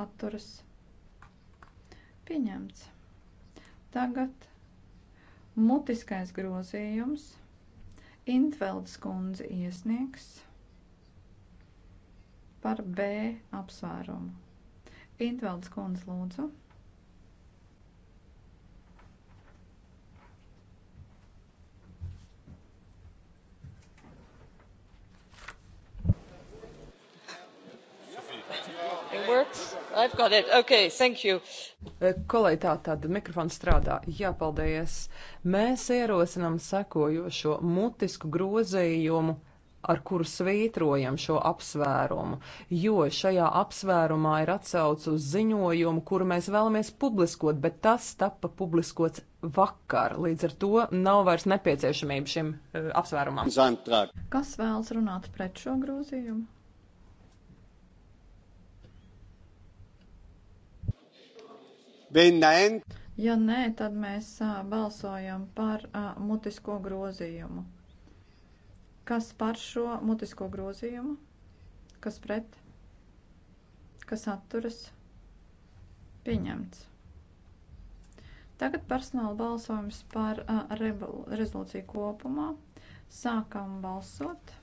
atturas pieņemts. Tagad mutiskais grozījums Intveldes kundze iesniegs par B apsvērumu. Intveldes kundze lūdzu. Okay, eh, Kolēģi, tā tad mikrofons strādā. Jā, paldies. Mēs ierosinām sekojošo mutisku grozījumu ar kuru svītrojam šo apsvērumu, jo šajā apsvērumā ir atsauc uz ziņojumu, kuru mēs vēlamies publiskot, bet tas tapa publiskots vakar. Līdz ar to nav vairs nepieciešamība šim uh, apsvērumam. Zantrāk. Kas vēlas runāt pret šo grozījumu? Ja nē, tad mēs balsojam par mutisko grozījumu. Kas par šo mutisko grozījumu? Kas pret? Kas atturas? Pieņemts. Tagad personāla balsojums par re rezolūciju kopumā. Sākam balsot.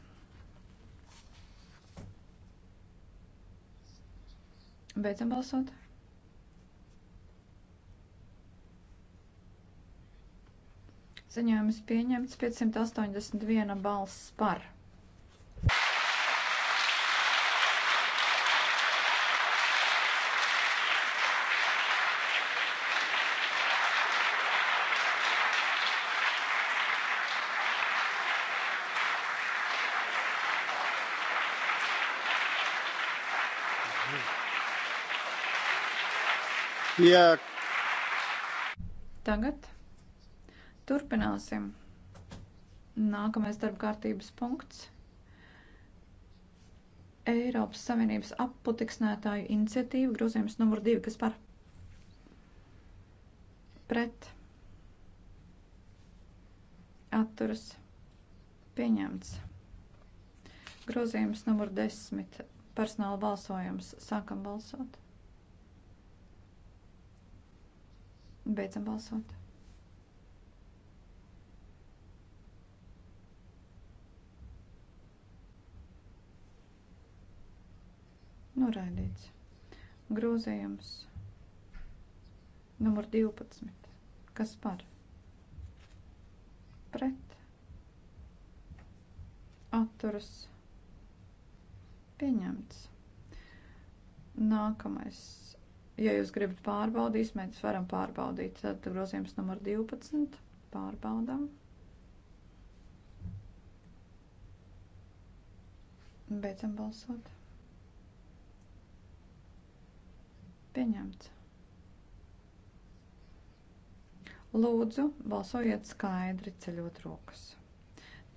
Beidzam balsot. Ziņojums pieņemts 581 balss par. Tagad Turpināsim. Nākamais darba kārtības punkts. Eiropas Savienības apputeksnētāju iniciatīva grozījums numur divi, kas par pret atturas pieņemts. Grozījums numur desmit personāla balsojums. Sākam balsot. Beidzam balsot. noraidīts. Grozījums numur 12. Kas par? Pret. Atturas. Pieņemts. Nākamais. Ja jūs gribat pārbaudīt, mēs varam pārbaudīt. Tad grozījums numur 12. Pārbaudām. Beidzam balsot. Pieņemts. Lūdzu, balsojiet skaidri, ceļot rokas.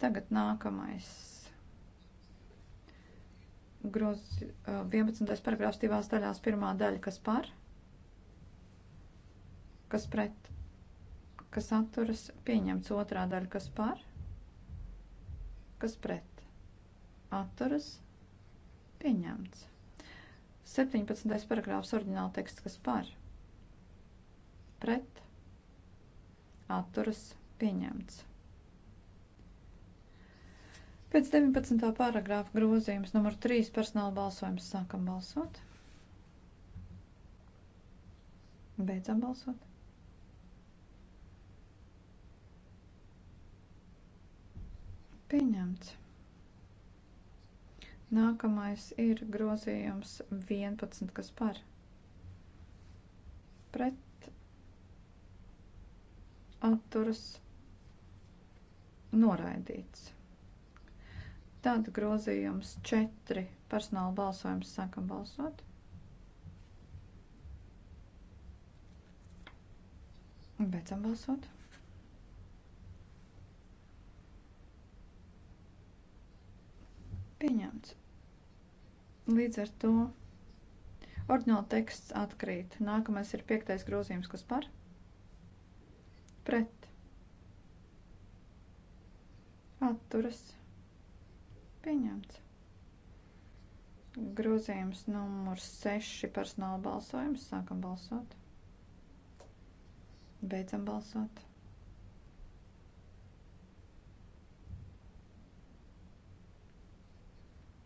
Tagad nākamais. Groz, 11. paragrāfs divās daļās. Pirmā daļa, kas par, kas pret, kas atturas, pieņemts. Otrā daļa, kas par, kas pret, atturas, pieņemts. 17. paragrāfs oriģināla teksts, kas par, pret, atturas, pieņemts. Pēc 19. paragrāfa grozījums numur 3 personāla balsojums sākam balsot. Beidzam balsot. Pieņemts. Nākamais ir grozījums 11, kas par pret atturas noraidīts. Tad grozījums 4 personāla balsojums sākam balsot. Beidzam balsot. Pieņemts. Līdz ar to Ordināla teksts atkrīt. Nākamais ir piektais grozījums, kas par? Pret. Atturas. Pieņemts. Grozījums numurs 6 personāla balsojums. Sākam balsot. Beidzam balsot.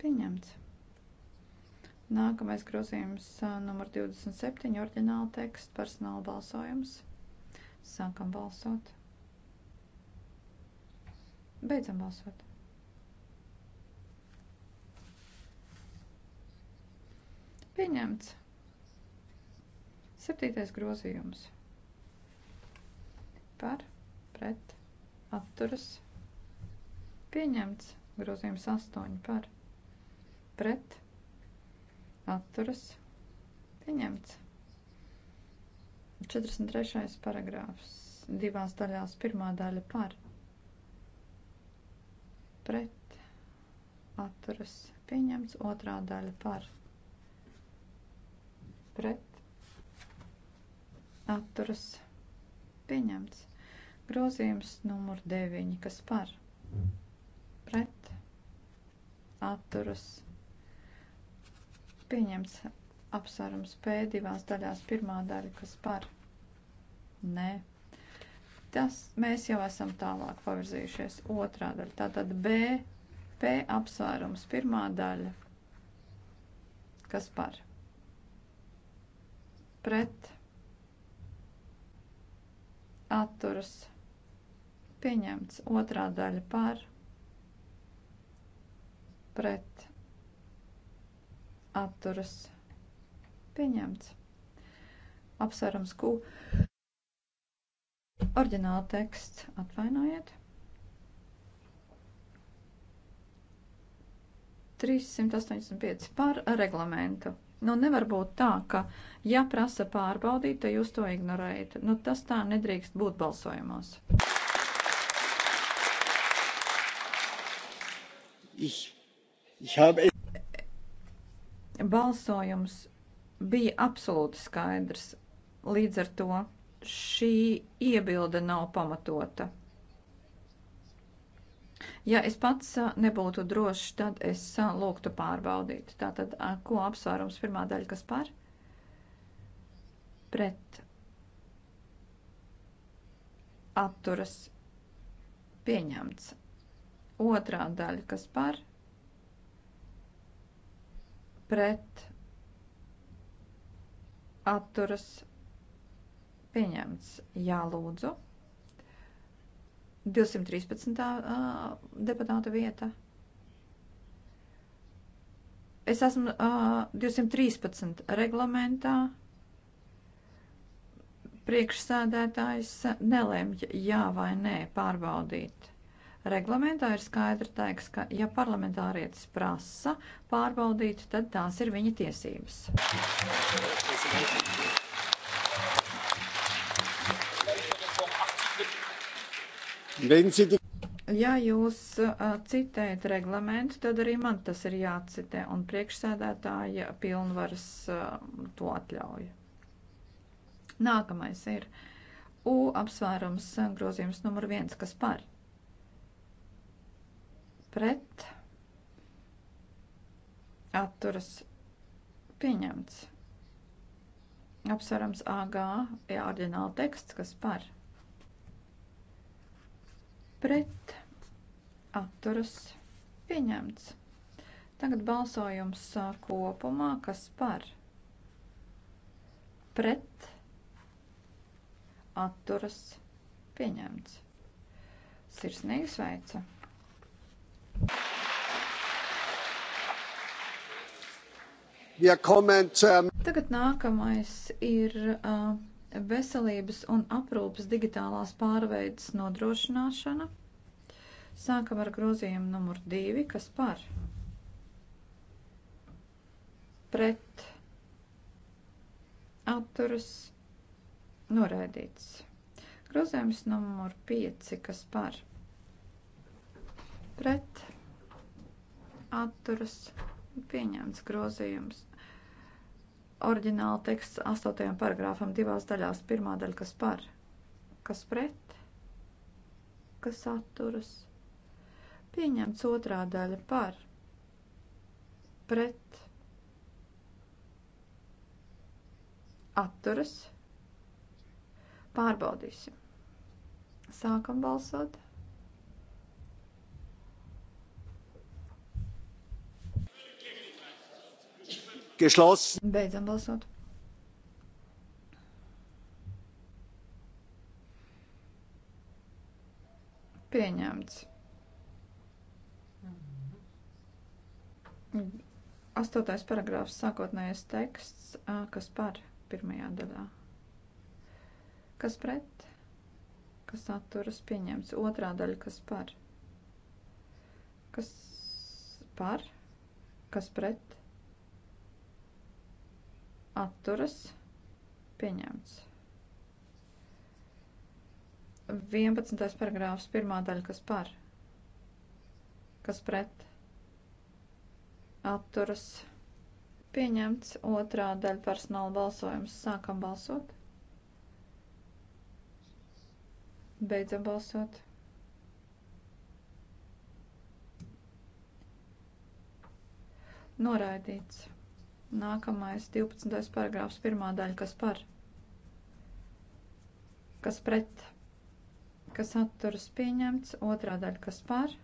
Pieņemts. Nākamais grozījums numur 27, orģināla teksts, personāla balsojums. Sākam balsot. Beidzam balsot. Pieņemts. Septītais grozījums. Par, pret, atturas. Pieņemts. Grozījums astoņi par, pret atturas pieņemts. 43. paragrāfs divās daļās pirmā daļa par pret atturas pieņemts otrā daļa par pret atturas pieņemts grozījums numur 9 kas par pret atturas pieņemts pieņemts apsvērums P divās daļās. Pirmā daļa, kas par? Nē. Tas mēs jau esam tālāk pavirzījušies. Otrā daļa. Tātad B, P apsvērums pirmā daļa. Kas par? Pret. Atturas. Pieņemts. Otrā daļa par. Pret atturas pieņemts. Apsvērums Q. Orģināla teksts atvainojiet. 385 par reglamentu. Nu, nevar būt tā, ka, ja prasa pārbaudīt, tad jūs to ignorējat. Nu, tas tā nedrīkst būt balsojumos. Ich, ich habe... Balsojums bija absolūti skaidrs. Līdz ar to šī iebilde nav pamatota. Ja es pats nebūtu drošs, tad es lūgtu pārbaudīt. Tātad, ko apsvērums pirmā daļa, kas par? Pret. Atturas. Pieņemts. Otrā daļa, kas par? Pret pret atturas pieņemts. Jā, lūdzu. 213. deputāta vieta. Es esmu uh, 213. reglamentā. Priekšsēdētājs nelemj jā vai nē pārbaudīt. Reglamentā ir skaidri teiks, ka ja parlamentārietis prasa pārbaudīt, tad tās ir viņa tiesības. Ja jūs uh, citējat reglamentu, tad arī man tas ir jācitē, un priekšsēdētāja pilnvaras uh, to atļauj. Nākamais ir U apsvērums grozījums numur viens, kas par pret atturas pieņemts. Apsverams AG ir ordināla teksts, kas par pret atturas pieņemts. Tagad balsojums kopumā, kas par pret atturas pieņemts. Sirsnīgi sveicu! Tagad nākamais ir uh, veselības un aprūpas digitālās pārveidas nodrošināšana. Sākam ar grozījumu numur divi, kas par pret atturas noraidīts. Grozījums numur pieci, kas par pret pret atturas pieņemts grozījums. Oriģināla teksts 8. paragrāfam divās daļās. Pirmā daļa, kas par, kas pret, kas atturas. Pieņemts otrā daļa par, pret, atturas. Pārbaudīsim. Sākam balsot. Geschlossen. Beidzam balsot. Pieņemts. Astotais paragrāfs, sākotnējais teksts, kas par pirmajā daļā. Kas pret, kas atturas pieņemts. Otrā daļa, kas par. Kas par, kas pret, atturas pieņemts. 11. paragrāfs pirmā daļa, kas par, kas pret, atturas pieņemts. Otrā daļa personāla balsojums. Sākam balsot. Beidzam balsot. Noraidīts. Nākamais 12. paragrāfs, pirmā daļa, kas par, kas pret, kas atturas pieņemts, otrā daļa, kas par,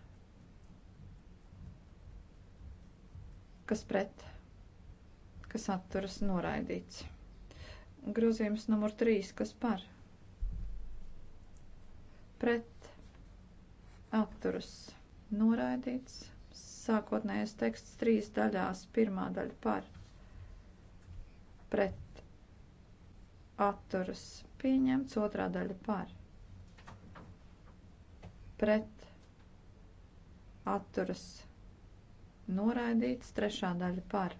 kas pret, kas atturas noraidīts. Grozījums numur 3, kas par, pret, atturas noraidīts. Sākotnējais teksts trīs daļās, pirmā daļa par pret atturas pieņemts, otrā daļa par pret atturas noraidīts, trešā daļa par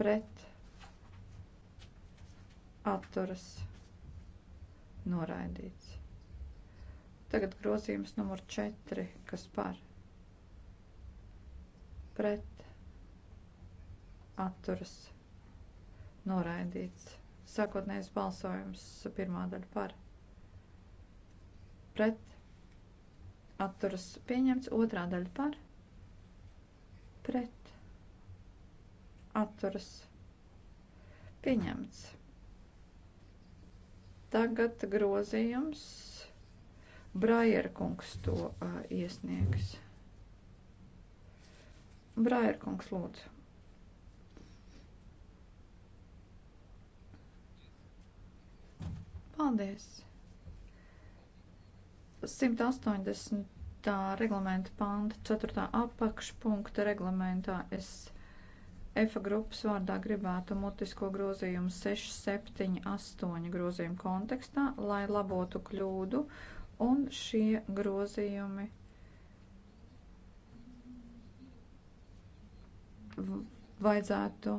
pret atturas noraidīts. Tagad grozījums numur 4, kas par pret atturas noraidīts. Sākotnējais balsojums pirmā daļa par pret atturas pieņemts, otrā daļa par pret atturas pieņemts. Tagad grozījums Braierkungs to uh, iesniegs. Braierkungs lūdzu. Paldies! 180. reglamenta panta 4. apakšpunkta reglamentā es EFA grupas vārdā gribētu mutisko grozījumu 6, 7, 8 grozījumu kontekstā, lai labotu kļūdu, un šie grozījumi vajadzētu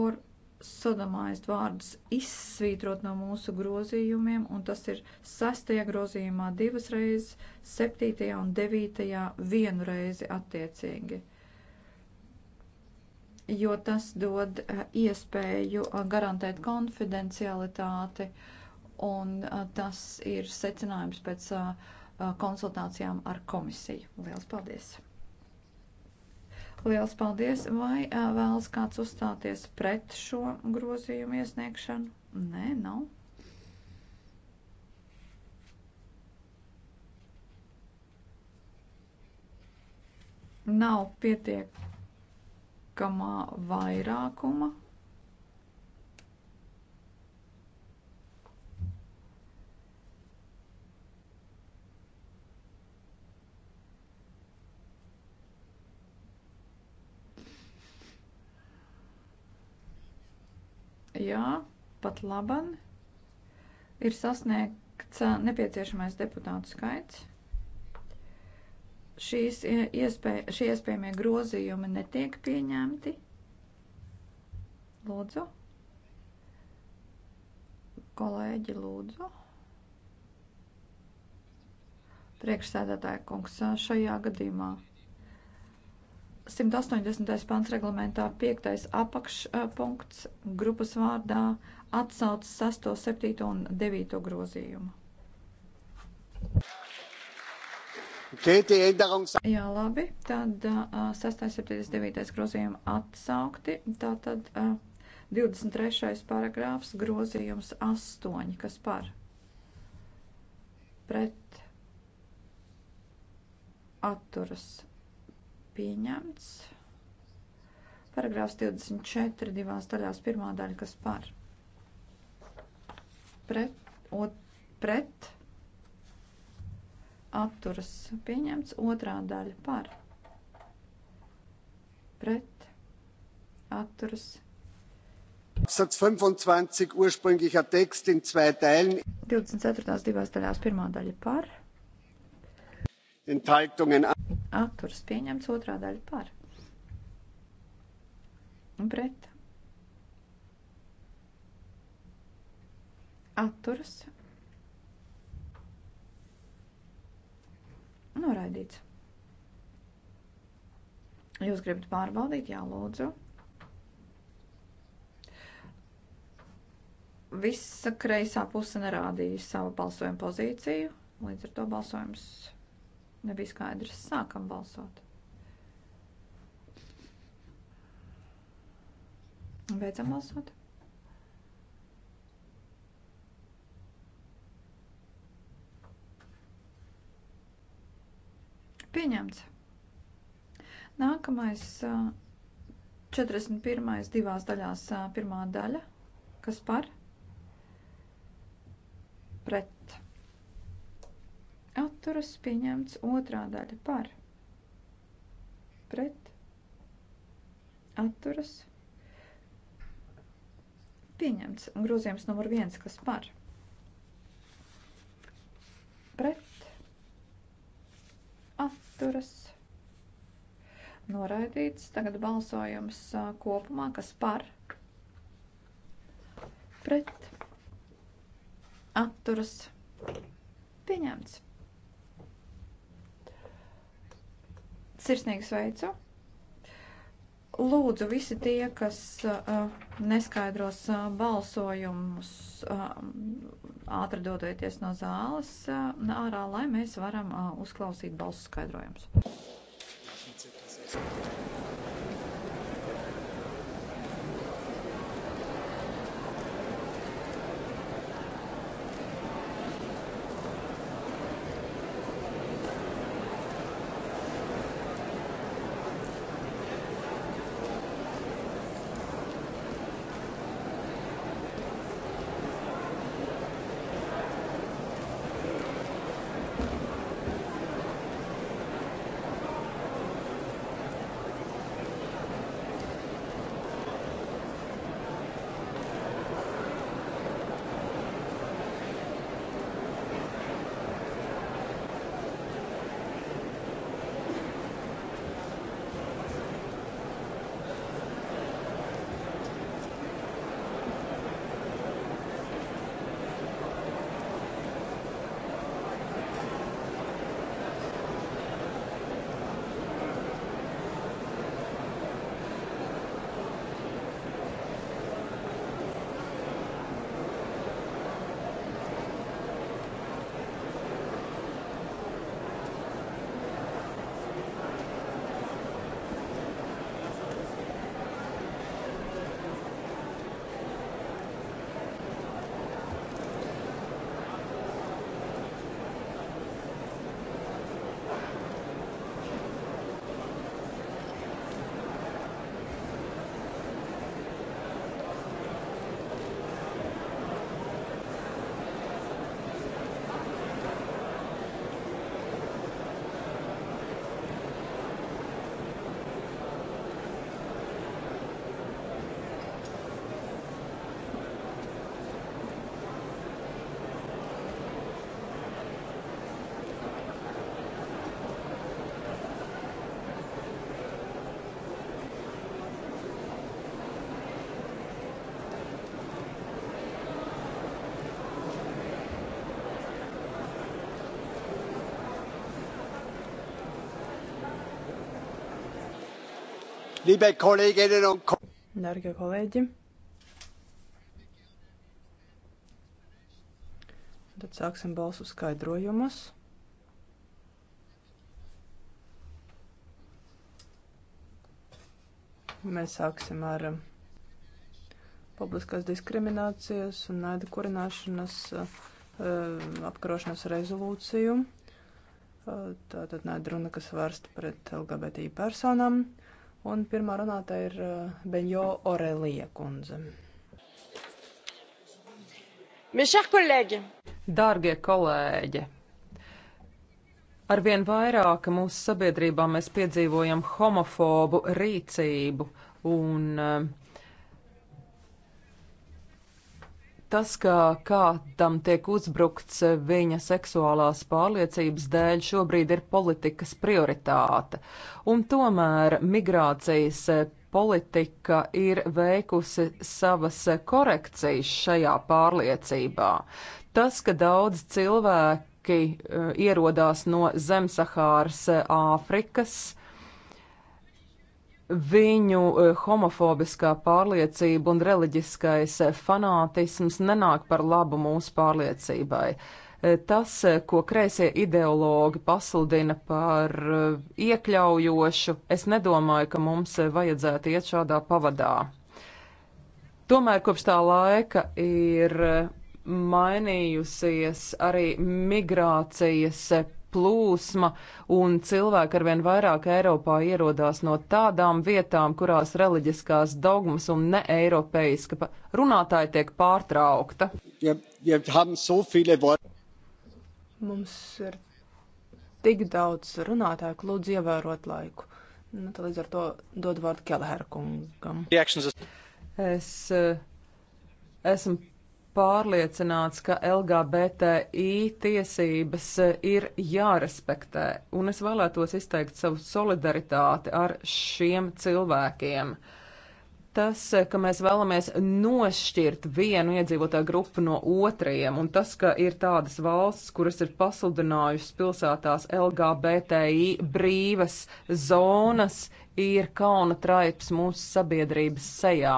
or sodomājas vārdus izsvītrot no mūsu grozījumiem, un tas ir sastajā grozījumā divas reizes, septītajā un devītajā vienu reizi attiecīgi. Jo tas dod eh, iespēju eh, garantēt konfidencialitāti, un eh, tas ir secinājums pēc konsultācijām ar komisiju. Lielas paldies! Liels paldies! Vai vēlas kāds uzstāties pret šo grozījumu iesniegšanu? Nē, nav. Nav pietiekamā vairākuma. Jā, pat laban ir sasniegts nepieciešamais deputātu skaits. Šīs iespēja, šie iespējamie grozījumi netiek pieņemti. Lūdzu. Kolēģi, lūdzu. Priekšsēdētāja kungs šajā gadījumā 180. pants reglamentā 5. apakšpunkts grupas vārdā atsauc 6, 7 un 9 grozījumu. Jā, labi, tad uh, 6, 79 grozījumi atsaukti, tātad uh, 23. paragrāfs grozījums 8, kas par pret atturas pieņemts. Paragrāfs 24 divās daļās pirmā daļa, kas par pret, ot, pret atturas pieņemts, otrā daļa par pret atturas. 25 ursprünglicher Text in zwei Teilen. 24. divās daļās pirmā daļa par. Enthaltungen atturas pieņemts otrā daļa par un pret atturas noraidīts. Jūs gribat pārbaudīt, jā, lūdzu. Visa kreisā puse nerādīja savu balsojumu pozīciju, līdz ar to balsojums Nebija skaidrs. Sākam balsot. Beidzam balsot. Pieņemts. Nākamais 41. divās daļās pirmā daļa. Kas par? Pret atturas pieņemts otrā daļa par pret atturas pieņemts grozījums numur viens, kas par pret atturas noraidīts. Tagad balsojums kopumā, kas par pret atturas pieņemts. Sirsnīgi sveicu! Lūdzu, visi tie, kas uh, neskaidros uh, balsojumus, uh, ātri dodoties no zāles uh, ārā, lai mēs varam uh, uzklausīt balsu skaidrojumus. Thank you. Liebe Kolleginnen un Kollegen. Darbie kolēģi, tad sāksim balsu skaidrojumus. Mēs sāksim ar um, publiskās diskriminācijas un naida kurināšanas uh, um, apkarošanas rezolūciju. Uh, Tātad naida runa, kas vērsta pret LGBTI personām. Un pirmā runātāja ir eh, Beņo Orelija kundze. Dārgie kolēģi! Arvien vairāk mūsu sabiedrībā mēs piedzīvojam homofobu rīcību un uh, Tas, ka kādam tiek uzbrukts viņa seksuālās pārliecības dēļ, šobrīd ir politikas prioritāte. Un tomēr migrācijas politika ir veikusi savas korekcijas šajā pārliecībā. Tas, ka daudz cilvēki eh, ierodās no Zemsahāras eh, Āfrikas, viņu eh, homofobiskā pārliecība un reliģiskais eh, fanātisms nenāk par labu mūsu pārliecībai. Eh, tas, ko kreisie ideologi pasludina par iekļaujošu, es nedomāju, ka mums vajadzētu iet šādā pavadā. Tomēr kopš tā laika ir mainījusies arī migrācijas plūsma, un cilvēki arvien vairāk Eiropā ierodās no tādām vietām, kurās reliģiskās dogmas un neeiropeiska runātāja tiek pārtraukta. Ja, ja so Mums ir tik daudz runātāju, ka lūdzu ievērot laiku. Nu, tad līdz ar to dod vārdu Kelhera kungam. Es eh, esmu pārliecināts, ka LGBTI tiesības eh, ir jārespektē, un es vēlētos izteikt savu solidaritāti ar šiem cilvēkiem. Tas, eh, ka mēs vēlamies nošķirt vienu iedzīvotāju grupu no otriem, un tas, ka ir tādas valsts, kuras ir pasludinājusi pilsētās LGBTI brīvas zonas, ir kauna traips mūsu sabiedrības sejā.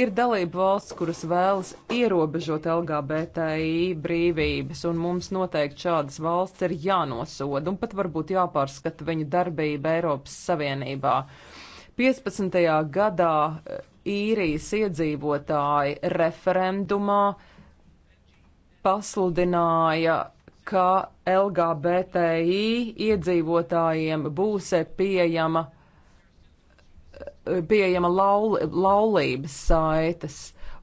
Ir dalība valsts, kuras vēlas ierobežot LGBTI brīvības, un mums noteikti šādas valsts ir jānosoda un pat varbūt jāpārskata viņu darbība Eiropas Savienībā. 15. gadā e, īrijas iedzīvotāji referendumā pasludināja ka LGBTI iedzīvotājiem būs pieejama pieejama laul, laulības saites,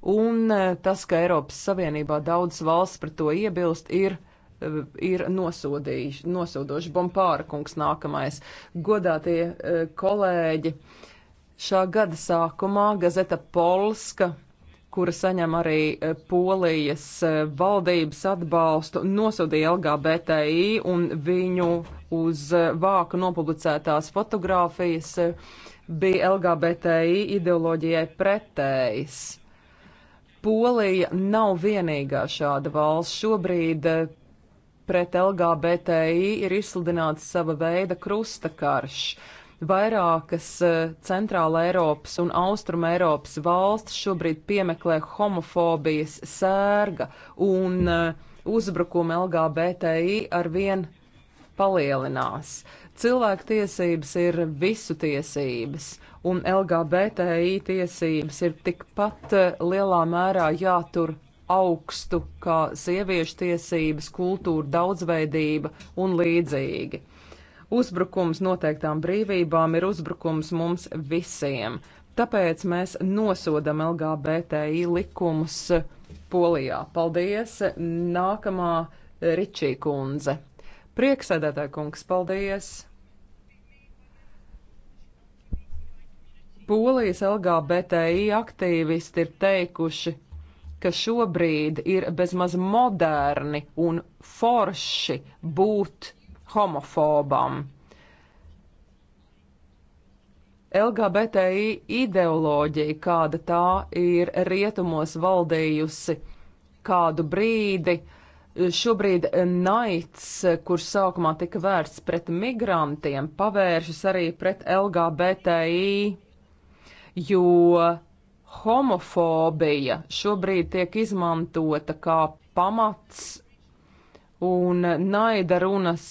un eh, tas, ka Eiropas Savienībā daudz valsts par to iebilst, ir eh, ir nosodoši. Bompāra kungs nākamais. Godātie eh, kolēģi, šā gada sākumā Gazeta Polska, kura saņem arī Polijas valdības atbalstu, nosodīja LGBTI un viņu uz vāku nopublicētās fotogrāfijas bija LGBTI ideoloģijai pretējs. Polija nav vienīgā šāda valsts. Šobrīd eh, pret LGBTI ir izsludināts sava veida krustakarš. Vairākas eh, centrāla Eiropas un austruma Eiropas valsts šobrīd piemeklē homofobijas sērga un eh, uzbrukumi LGBTI arvien palielinās. Cilvēku tiesības ir visu tiesības, un LGBTI tiesības ir tikpat eh, lielā mērā jātur augstu kā sieviešu tiesības, kultūra, daudzveidība un līdzīgi. Uzbrukums noteiktām brīvībām ir uzbrukums mums visiem, tāpēc mēs nosodam LGBTI likumus Polijā. Paldies! Nākamā Ričī kundze. Prieksēdētāji kungs, paldies! Polijas LGBTI aktīvisti ir teikuši, ka šobrīd ir bezmaz moderni un forši būt homofobam. LGBTI ideoloģija, kāda tā ir rietumos valdījusi kādu brīdi, šobrīd naids, kurš sākumā tika vērsts pret migrantiem, pavēršas arī pret LGBTI jo homofobija šobrīd tiek izmantota kā pamats un naida runas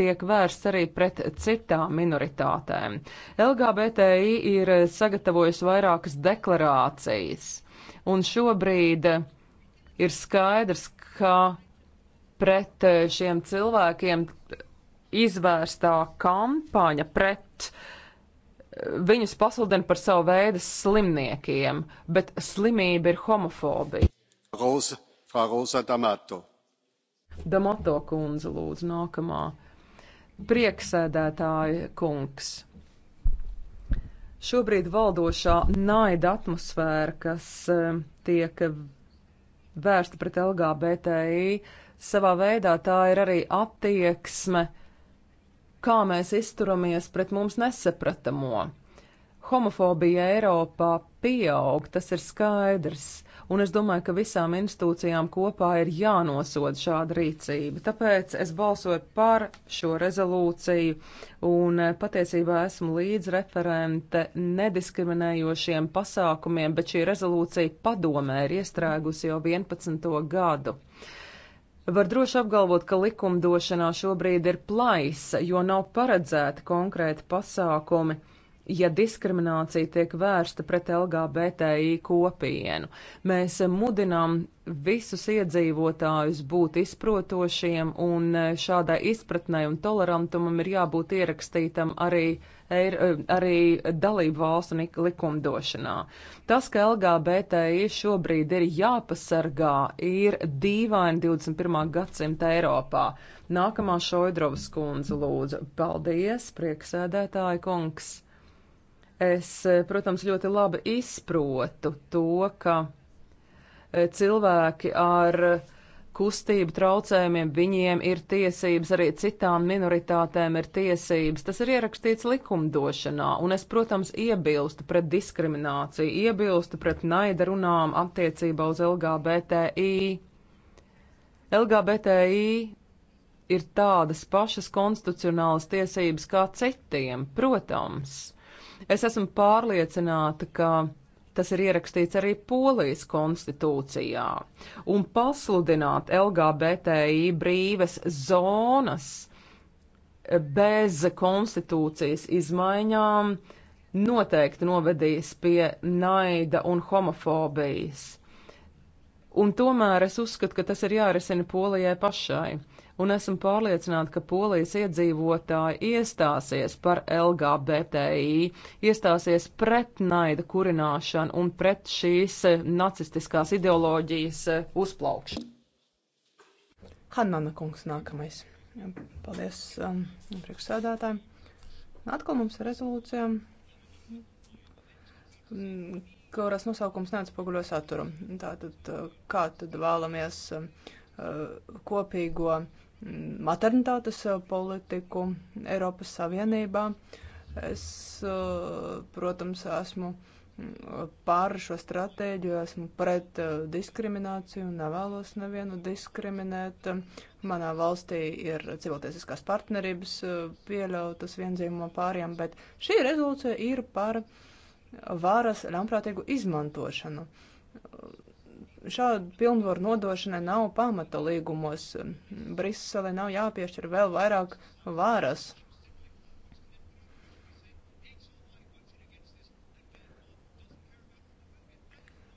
tiek vērsts arī pret citām minoritātēm. LGBTI ir sagatavojusi vairākas deklarācijas, un šobrīd ir skaidrs, ka pret šiem cilvēkiem izvērstā kampaņa pret uh, viņus pasludina par savu veidu slimniekiem, bet slimība ir homofobija. Rosa, Frau Rosa D'Amato. D'Amato kundze lūdzu nākamā. Prieksēdētāja kungs. Šobrīd valdošā naida atmosfēra, kas eh, tiek vērsta pret LGBTI, savā veidā tā ir arī attieksme kā mēs izturamies pret mums nesapratamo. Homofobija Eiropā pieaug, tas ir skaidrs, un es domāju, ka visām institūcijām kopā ir jānosod šāda rīcība. Tāpēc es balsoju par šo rezolūciju, un eh, patiesībā esmu līdzreferente nediskriminējošiem pasākumiem, bet šī rezolūcija padomē ir iestrēgusi jau 11. gadu. Var droši apgalvot, ka likumdošanā šobrīd ir plaisa, jo nav paredzēti konkrēti pasākumi ja diskriminācija tiek vērsta pret LGBTI kopienu. Mēs mudinām visus iedzīvotājus būt izprotošiem, un e, šādai izpratnei un tolerantumam ir jābūt ierakstītam arī, e, arī dalību valstu likumdošanā. Tas, ka LGBTI šobrīd ir jāpasargā, ir dīvaini 21. gadsimta Eiropā. Nākamā Šoidrovas kundze lūdzu. Paldies, prieksēdētāji kungs! Es, eh, protams, ļoti labi izprotu to, ka eh, cilvēki ar kustību traucējumiem, viņiem ir tiesības, arī citām minoritātēm ir tiesības. Tas ir ierakstīts likumdošanā, un es, protams, iebilstu pret diskrimināciju, iebilstu pret naida runām attiecībā uz LGBTI. LGBTI ir tādas pašas konstitucionālas tiesības kā citiem, protams Es esmu pārliecināta, ka tas ir ierakstīts arī Polijas konstitūcijā. Un pasludināt LGBTI brīves zonas bez konstitūcijas izmaiņām noteikti novedīs pie naida un homofobijas. Un tomēr es uzskatu, ka tas ir jārisina Polijai pašai un esmu pārliecināta, ka polijas iedzīvotāji iestāsies par LGBTI, iestāsies pret naida kurināšanu un pret šīs eh, nacistiskās ideoloģijas eh, uzplaukšanu. Hanana kungs nākamais. Paldies um, priekšsēdētājiem. Atkal mums ir rezolūcija, mm, kuras nosaukums neatspoguļo saturu. Tātad, uh, kā tad vēlamies um, uh, kopīgo uh, maternitātes eh, politiku Eiropas Savienībā. Es, eh, protams, esmu mm, pār šo stratēģiju, esmu pret eh, diskrimināciju un nevēlos nevienu diskriminēt. Manā valstī ir civiltiesiskās partnerības pieļautas vienzīmuma pāriem, bet šī rezolūcija ir par varas ļaunprātīgu izmantošanu šādu pilnvaru nodošanai nav pamata līgumos. Brisele nav jāpiešķir vēl vairāk vāras.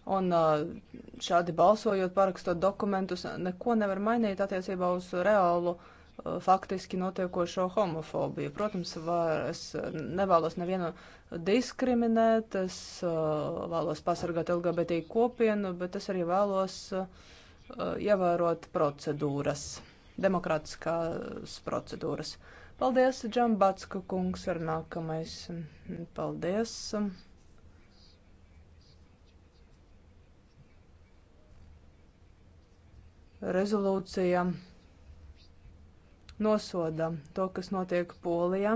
Un šādi balsojot, parakstot dokumentus, neko nevar mainīt attiecībā uz reālu uh, faktiski notiekošo homofobiju. Protams, var, es nevēlos nevienu diskriminēt, es uh, vēlos pasargāt LGBT kopienu, bet es arī vēlos uh, ievērot procedūras, demokrātiskās procedūras. Paldies, Džambatska kungs, ar nākamais. Paldies. Rezolūcija nosoda to, kas notiek Polijā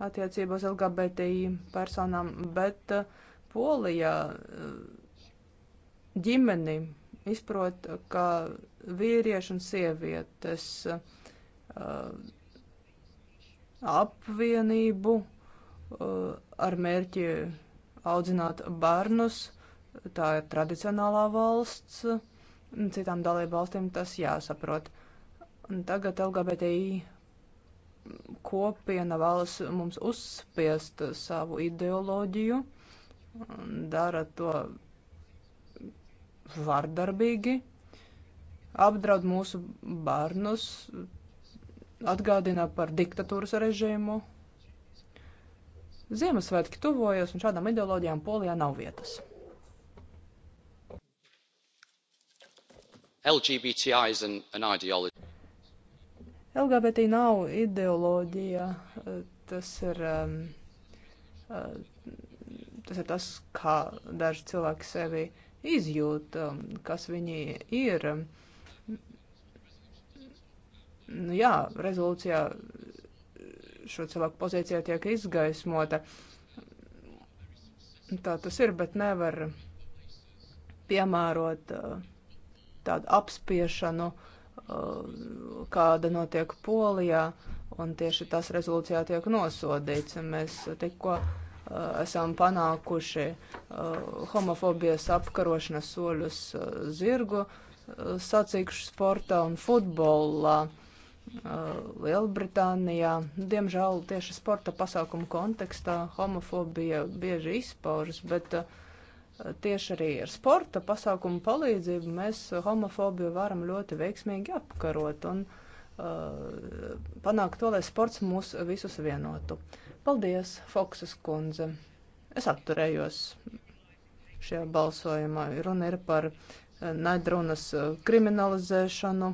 attiecībos LGBTI personām, bet uh, Polija uh, ģimeni izprot, ka vīrieši un sievietes uh, apvienību ar mērķi audzināt bērnus. Tā ir tradicionālā valsts, citām dalību valstīm tas jāsaprot. Un tagad LGBTI kopiena vēlas mums uzspiest savu ideoloģiju, dara to vardarbīgi, apdraud mūsu bērnus, atgādina par diktatūras režīmu. Ziemassvētki tuvojas, un šādām ideoloģijām Polijā nav vietas. LGBTIs and, and ideology. LGBT nav ideoloģija, tas ir, um, uh, tas ir tas, kā daži cilvēki sevi izjūt, um, kas viņi ir. Nu, jā, rezolūcijā šo cilvēku pozīcija tiek izgaismota. Tā tas ir, bet nevar piemērot uh, tādu apspiešanu uh, Uh, kāda notiek Polijā, un tieši tas rezolūcijā tiek nosodīts. Mēs tikko uh, esam panākuši uh, homofobijas apkarošanas soļus uh, zirgu uh, sacīkšu sportā un futbolā. Uh, Lielbritānijā, diemžēl, tieši sporta pasākumu kontekstā homofobija bieži izpaužas, bet uh, tieši arī ar sporta pasākumu palīdzību mēs homofobiju varam ļoti veiksmīgi apkarot un uh, panākt to, lai sports mūs visus vienotu. Paldies, Foksas kundze. Es atturējos šajā balsojumā. Runa ir par uh, naidrunas uh, kriminalizēšanu.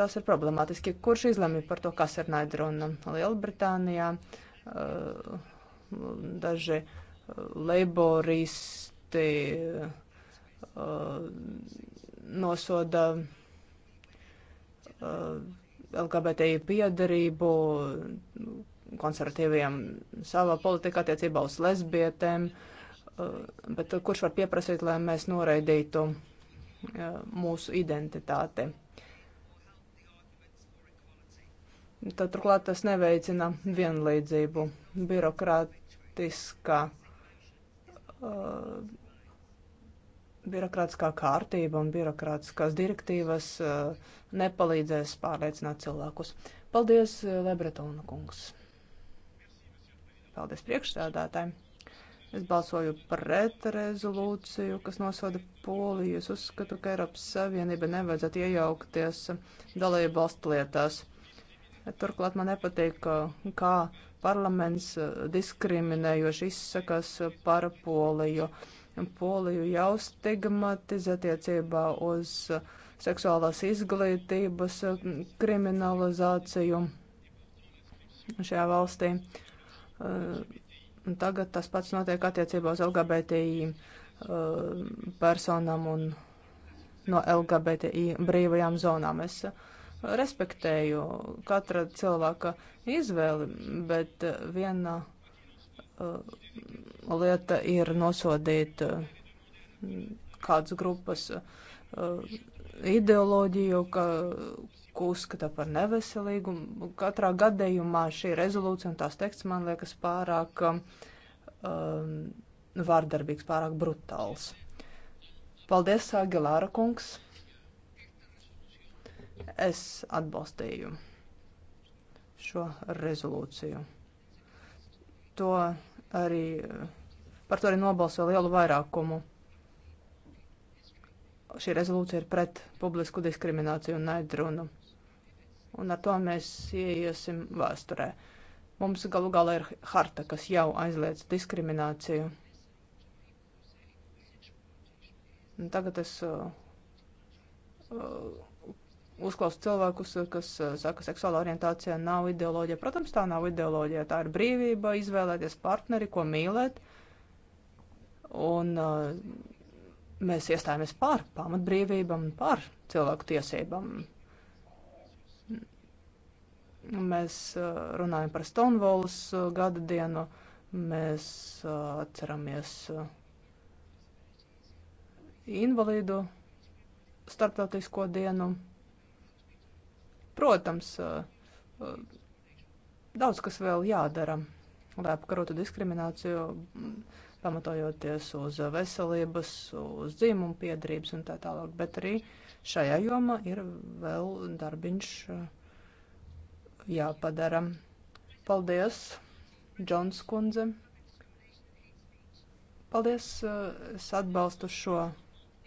Tas ir problemātiski. Kurš izlemj par to, kas ir naidruna? Lielbritānijā uh, daži uh, laboristi ļoti uh, nosoda uh, LGBTI piedarību konservatīviem savā politikā attiecībā uz lesbietēm, uh, bet kurš var pieprasīt, lai mēs noraidītu mūsu identitāti. Tad, turklāt tas neveicina vienlīdzību. Birokrātiskā birokrātiskā kārtība un birokrātiskās direktīvas eh, nepalīdzēs pārliecināt cilvēkus. Paldies, eh, Lebretona kungs! Paldies priekšstādātājiem! Es balsoju pret rezolūciju, kas nosoda Poliju. Es uzskatu, ka Eiropas Savienība nevajadzētu iejaukties dalību valstu lietās. Turklāt man nepatīk, kā parlaments eh, diskriminējoši izsakas par Poliju. Uh, Poliju jau stigmatizē attiecībā uz uh, seksuālās izglītības uh, kriminalizāciju šajā valstī. Uh, tagad tas pats notiek attiecībā uz LGBTI personām un no LGBTI brīvajām zonām. Es respektēju katra cilvēka izvēli, bet viena Eh, lieta ir nosodīt eh, kādas grupas eh, ideoloģiju, ka, ko uzskata par neveselīgu. Katrā gadījumā šī rezolūcija un tās teksts man liekas pārāk um, vārdarbīgs, pārāk brutāls. Paldies, Agilāra kungs! Es atbalstīju šo rezolūciju. To arī eh, par to arī nobalso lielu vairākumu. Šī rezolūcija ir pret publisku diskrimināciju un naidrunu. Un ar to mēs ieiesim vēsturē. Mums galu galā ir harta, kas jau aizliedz diskrimināciju. Un tagad es uh, uh, uzklaust cilvēkus, kas eh, saka, seksuāla orientācija nav ideoloģija. Protams, tā nav ideoloģija. Tā ir brīvība izvēlēties partneri, ko mīlēt. Un uh, mēs iestājāmies par pamatbrīvībām un par cilvēku tiesībām. Mēs uh, runājam par Stonewalls uh, gada dienu, mēs uh, atceramies uh, invalīdu starptautisko dienu. Protams, eh, eh, daudz kas vēl jādara, lai apkarotu diskrimināciju, mm, pamatojoties uz veselības, uz dzimumu piedarības un tā tālāk, bet arī šajā jomā ir vēl darbiņš eh, jāpadara. Paldies, Džons kundze. Paldies, es atbalstu šo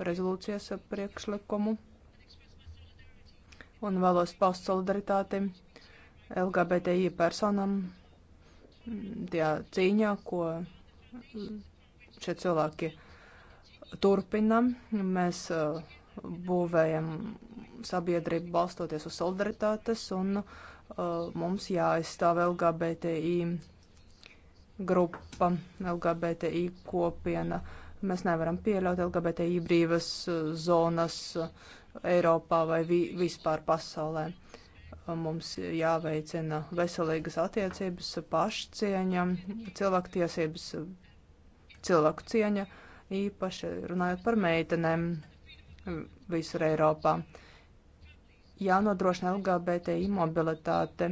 rezolūcijas priekšlikumu un vēlos paust solidaritāti LGBTI personam tajā cīņā, ko šie cilvēki turpina. Mēs uh, būvējam sabiedrību balstoties uz solidaritātes un uh, mums jāaizstāv LGBTI grupa, LGBTI kopiena. Mēs nevaram pieļaut LGBTI brīvas uh, zonas uh, Eiropā vai vi vispār pasaulē. Mums jāveicina veselīgas attiecības, pašcieņa, cilvēktiesības, cilvēku cieņa, īpaši runājot par meitenēm visur Eiropā. Jānodrošina LGBTI mobilitāte,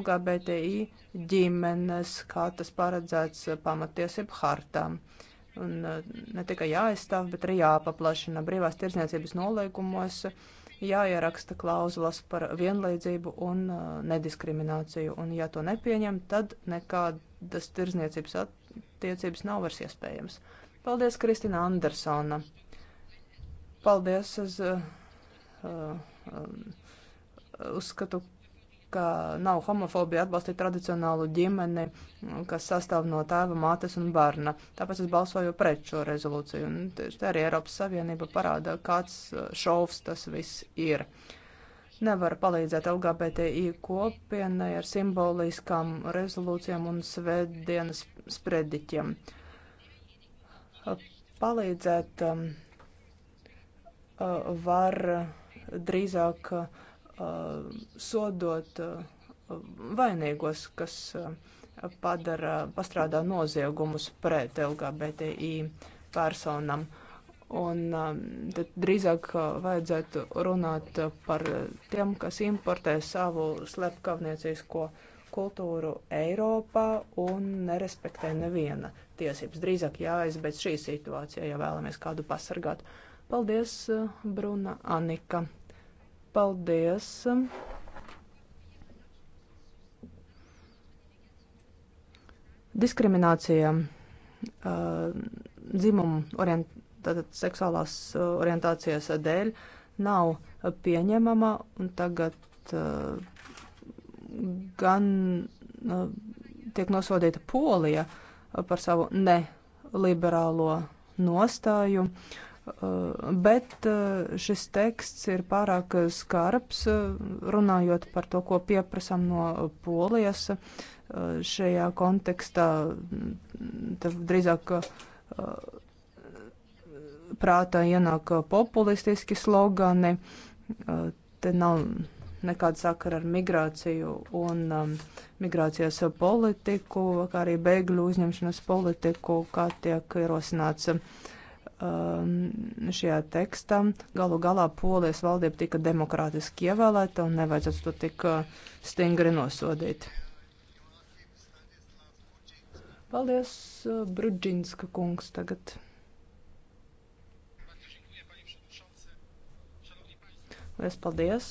LGBTI ģimenes, kā tas paredzēts pamatiesību hartām. Uh, un uh, ne tikai jāaizstāv, bet arī jāpaplašina brīvās tirsniecības nolaikumos, jāieraksta klauzulas par vienlīdzību un uh, nediskrimināciju, un ja to nepieņem, tad nekādas tirsniecības attiecības nav vairs iespējams. Paldies, Kristina Andersona. Paldies, es uh, uh, uzskatu, ka nav homofobija atbalstīt tradicionālu ģimeni, kas sastāv no tēva, mātes un bērna. Tāpēc es balsoju pret šo rezolūciju. Un tieši arī Eiropas Savienība parāda, kāds uh, šovs tas viss ir. Nevar palīdzēt LGBTI kopienai ar simboliskām rezolūcijām un svētdienas sprediķiem. Palīdzēt um, uh, var drīzāk uh, Uh, sodot uh, vainīgos, kas uh, padara, pastrādā noziegumus pret LGBTI personam. Un um, tad drīzāk vajadzētu runāt par tiem, kas importē savu slepkavniecisko kultūru Eiropā un nerespektē neviena tiesības. Drīzāk jāaizbeidz šī situācija, ja vēlamies kādu pasargāt. Paldies, Bruna Anika. Paldies! Diskriminācija dzimumu orient, tātad seksuālās orientācijas dēļ nav pieņemama un tagad gan tiek nosodīta Polija par savu neliberālo nostāju. Uh, Eh, bet eh, šis teksts ir pārāk skarbs, eh, runājot par to, ko pieprasām no polijas šajā kontekstā. Mm, drīzāk prātā ienāk populistiski slogani, te nav nekāda sakara ar migrāciju un um, migrācijas politiku, kā arī bēgļu uzņemšanas politiku, kā tiek ierosināts. Uh, Um, šajā tekstā. Galu galā polijas valdība tika demokrātiski ievēlēta un nevajadzētu to tik uh, stingri nosodīt. Paldies, uh, Brudžinska kungs tagad. Lies paldies.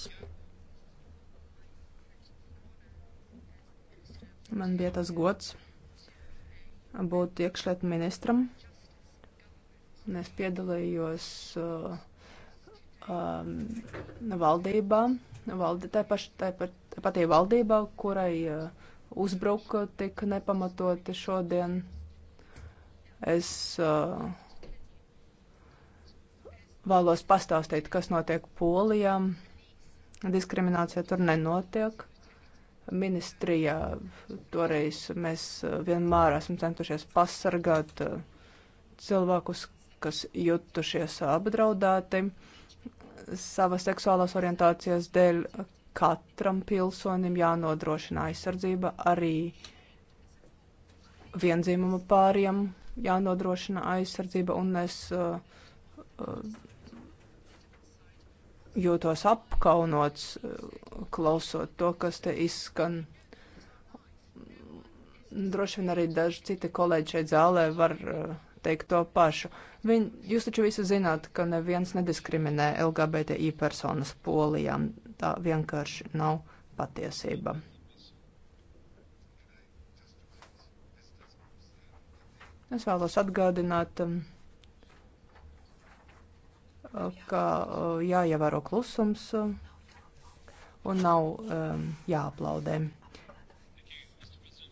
Man bija tas gods būt iekšlietu ministram un es piedalījos uh, um, valdībā, valdi, tā, paš, tā, pa, tā patī valdībā, kurai uh, uzbruka tik nepamatoti šodien. Es uh, vēlos pastāstīt, kas notiek Polijā. Diskriminācija tur nenotiek. Ministrijā toreiz mēs uh, vienmēr esam centušies pasargāt uh, cilvēkus, kas jutušies apdraudēti savas seksuālās orientācijas dēļ. Katram pilsonim jānodrošina aizsardzība, arī vienzīmuma pāriem jānodrošina aizsardzība, un es uh, uh, jūtos apkaunots, uh, klausot to, kas te izskan droši vien arī daži citi kolēģi šeit zālē var uh, teikt to pašu. Viņ, jūs taču visi zināt, ka neviens nediskriminē LGBTI personas polijā. Tā vienkārši nav patiesība. Es vēlos atgādināt, um, ka uh, jāievēro klusums uh, un nav um, jāaplaudē.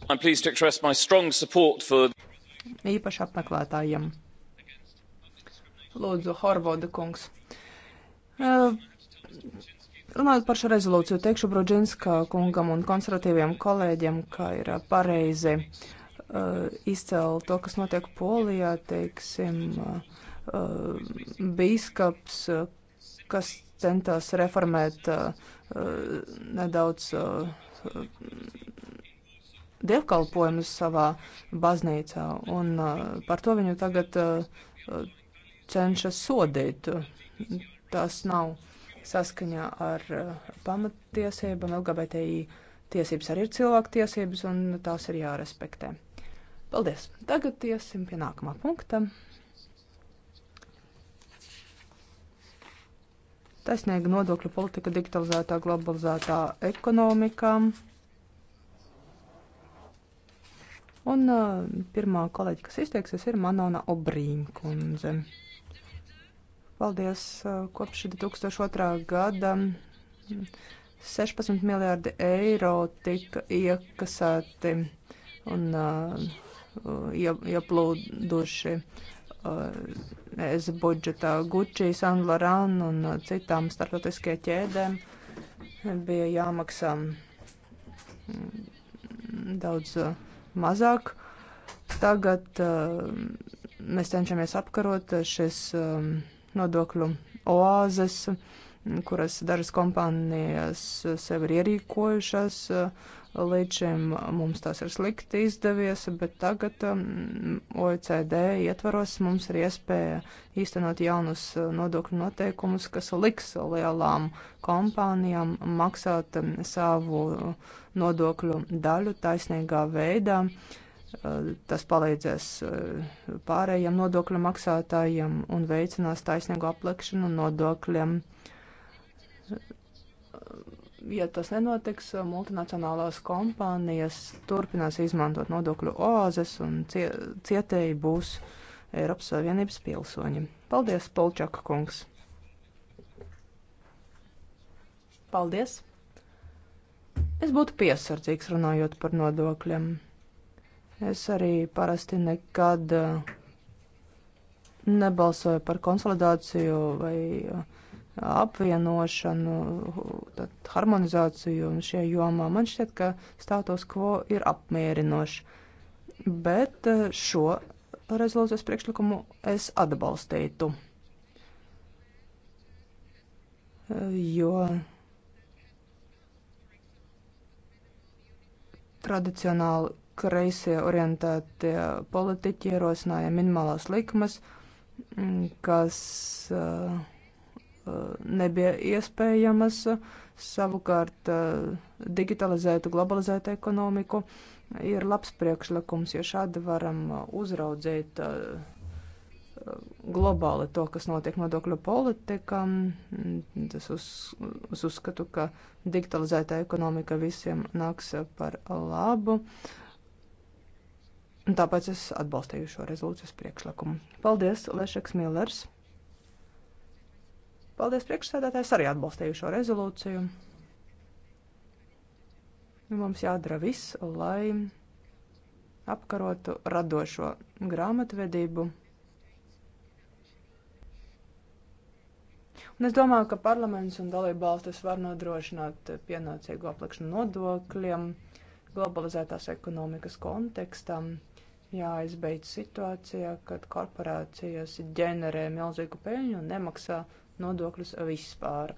I'm pleased to express my strong support for īpaši apmeklētājiem. Lūdzu, Horvoda kungs. Eh, runājot par šo rezolūciju, teikšu Brodžinska kungam un konservatīviem kolēģiem, ka ir pareizi eh, izcelt to, kas notiek Polijā, teiksim, eh, bīskaps, kas centās reformēt nedaudz dievkalpojumus savā baznīcā, un uh, par to viņu tagad uh, cenšas sodīt. Tas nav saskaņā ar uh, pamatiesībām, LGBTI tiesības arī ir cilvēktiesības, un tās ir jārespektē. Paldies! Tagad iesim pie nākamā punkta. Taisnīga nodokļu politika digitalizētā, globalizētā ekonomikā. Un uh, pirmā kolēģi, kas izteiksies, ir Manona Obrīnkundze. Paldies, uh, kopš 2002. gada 16 miljārdi eiro tika iekasēti un uh, ieplūduši uh, es budžetā Gucci, San Laurent un uh, citām starptautiskajām ķēdēm bija jāmaksā daudz. Uh, mazāk. Tagad uh, mēs cenšamies apkarot šis uh, nodokļu oāzes, kuras dažas kompānijas sev ir ierīkojušas, uh, Līdz šim mums tas ir slikti izdevies, bet tagad um, OECD ietvaros mums ir iespēja īstenot jaunus uh, nodokļu noteikumus, kas liks lielām kompānijām maksāt um, savu uh, nodokļu daļu taisnīgā veidā. Uh, tas palīdzēs pārējiem nodokļu maksātājiem un veicinās taisnīgu aplikšanu nodokļiem ja tas nenotiks, multinacionālās kompānijas turpinās izmantot nodokļu oāzes un cie, cietēji būs Eiropas Savienības pilsoņi. Paldies, Polčaka kungs! Paldies! Es būtu piesardzīgs runājot par nodokļiem. Es arī parasti nekad eh, nebalsoju par konsolidāciju vai uh, apvienošanu, tad harmonizāciju un šajā jomā. Man šķiet, ka status quo ir apmierinošs. Bet eh, šo rezolūcijas priekšlikumu es atbalstītu. Eh, jo tradicionāli kreisie orientētie politiķi ierosināja minimālās likmes, mm, kas uh, nebija iespējamas. Savukārt eh, digitalizētu, globalizētu ekonomiku ir labs priekšlikums, jo šādi varam eh, uzraudzīt eh, globāli to, kas notiek nodokļu politikā. Es uz, es uzskatu, ka digitalizētā ekonomika visiem nāks par labu. Tāpēc es atbalstīju šo rezolūcijas priekšlikumu. Paldies, Lešeks Millers! Paldies priekšsēdētājs arī atbalstīju šo rezolūciju. Mums jādara viss, lai apkarotu radošo grāmatvedību. Un es domāju, ka parlaments un dalībvalstis var nodrošināt pienācīgu aplikšanu nodokļiem globalizētās ekonomikas kontekstam. Jāizbeidz situācijā, kad korporācijas ģenerē milzīgu peļņu un nemaksā nodokļus vispār,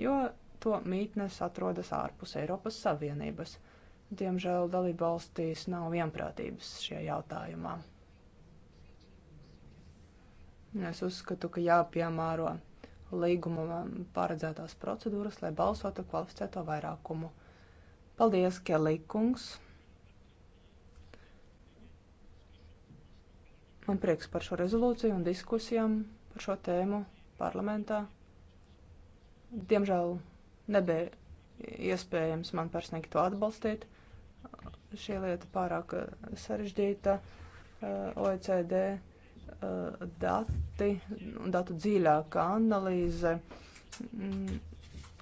jo to mītnes atrodas ārpus Eiropas Savienības. Diemžēl dalībvalstīs nav vienprātības šajā jautājumā. Es uzskatu, ka jāpiemēro līgumam paredzētās procedūras, lai balsotu kvalificēto vairākumu. Paldies, Kelly kungs! Man prieks par šo rezolūciju un diskusijām par šo tēmu parlamentā. Diemžēl nebija iespējams man personīgi to atbalstīt. Šī lieta pārāk sarežģīta. Eh, OECD eh, dati, datu dziļāka analīze mm,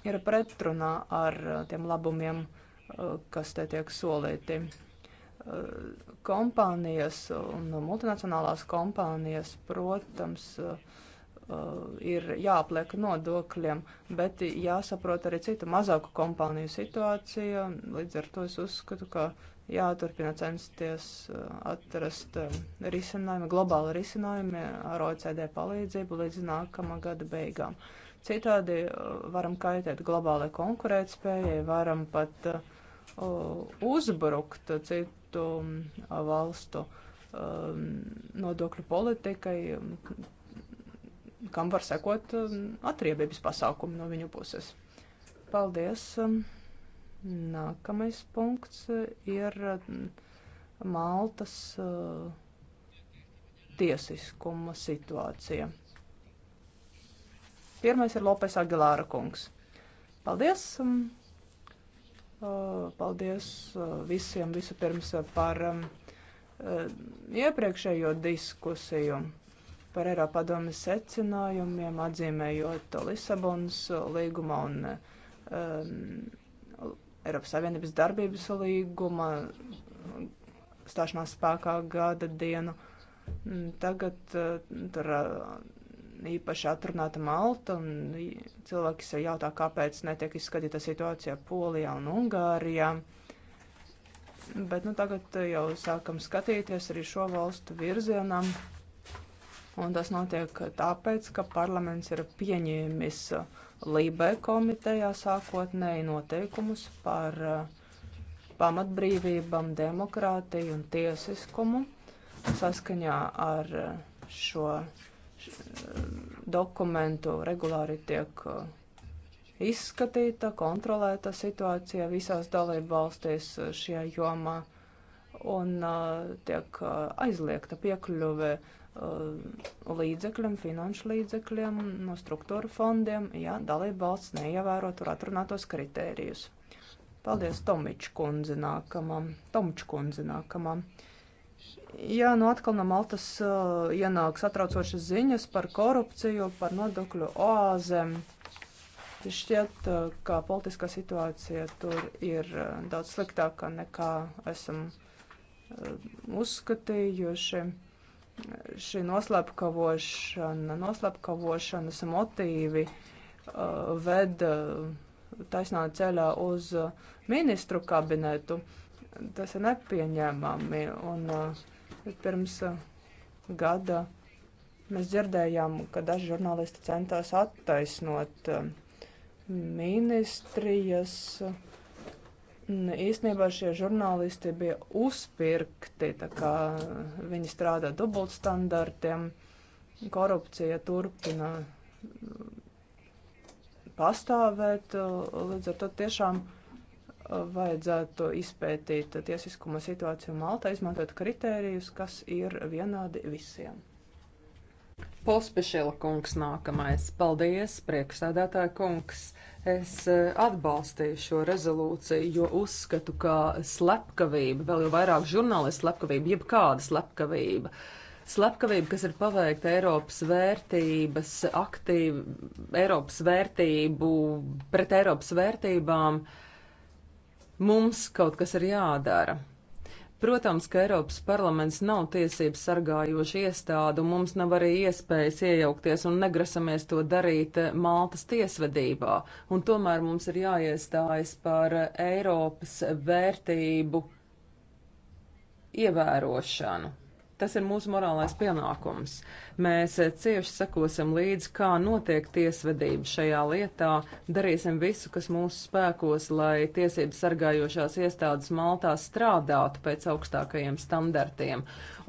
ir pretrunā ar tiem labumiem, eh, kas te tiek solīti. Kompānijas un multinacionālās kompānijas, protams, uh, Eh, ir jāpliek nodokļiem, bet jāsaprot arī citu mazāku kompāniju situācija. Līdz ar to es uzskatu, ka jāturpina censties eh, atrast eh, risinājumi, globāli risinājumi ar OECD palīdzību līdz nākamā gada beigām. Citādi varam kaitēt globālai konkurētspējai, varam pat uzbrukt citu mm, valstu nodokļu politikai, kam var sekot um, atriebības pasākumi no viņu puses. Paldies! Um, nākamais punkts uh, ir um, Maltas uh, tiesiskuma situācija. Pirmais ir Lopes Agilāra kungs. Paldies! Uh, paldies visiem visu pirms par iepriekšējo diskusiju par Eiropadomes secinājumiem, atzīmējot Lisabonas līguma un um, Eiropas Savienības darbības līguma stāšanās spēkā gada dienu. Mm, tagad uh, tur uh, īpaši atrunāta Malta, un cilvēki sev jautā, kāpēc netiek izskatīta situācija Polijā un Ungārijā. Bet nu, tagad jau sākam skatīties arī šo valstu virzienam. Un tas notiek tāpēc, ka parlaments ir pieņēmis Lībe komitejā sākotnēji noteikumus par uh, pamatbrīvībām, demokrātiju un tiesiskumu. Saskaņā ar uh, šo uh, dokumentu regulāri tiek izskatīta, kontrolēta situācija visās dalību valstīs šajā jomā un tiek aizliegta piekļuve uh, Uh, līdzekļiem, finanšu līdzekļiem, no struktūra fondiem, ja dalība valsts neievēro tur atrunātos kritērijus. Paldies Tomiču kundze nākamā. Tomiču kundze nākamā. Jā, nu atkal no Maltas uh, ienāk satraucošas ziņas par korupciju, par nodokļu oāzēm. Šķiet, uh, ka politiskā situācija tur ir uh, daudz sliktāka nekā esam uh, uzskatījuši. Uh, šī noslapkavošana, noslapkavošanas motīvi uh, veda uh, taisnā ceļā uz uh, ministru kabinetu. Tas ir nepieņēmami. Un uh, pirms uh, gada mēs dzirdējām, ka daži žurnālisti centās attaisnot ministrijas. Uh, īstenībā šie žurnālisti bija uzpirkti, tā kā viņi strādā dubultstandartiem, korupcija turpina mm, pastāvēt, uh, līdz ar to tiešām uh, vajadzētu izpētīt tiesiskuma situāciju Maltā, izmantot kritērijus, kas ir vienādi visiem. Pospešila kungs nākamais. Paldies, prieksēdētāja kungs. Es e, atbalstīju šo rezolūciju, jo uzskatu, ka slepkavība, vēl jau vairāk žurnālistu slepkavība, jebkāda slepkavība, slepkavība, kas ir paveikta Eiropas vērtības, aktīvi Eiropas vērtību, pret Eiropas vērtībām, mums kaut kas ir jādara. Protams, ka Eiropas parlaments nav tiesības sargājoša iestāde, un mums nav arī iespējas iejaukties un negrasamies to darīt eh, Maltas tiesvedībā. Un tomēr mums ir jāiestājas par eh, Eiropas vērtību ievērošanu. Tas ir mūsu morālais pienākums. Mēs cieši sekosim līdzi, kā notiek tiesvedība šajā lietā. Darīsim visu, kas mūsu spēkos, lai tiesības sargājošās iestādes Maltā strādātu pēc augstākajiem standartiem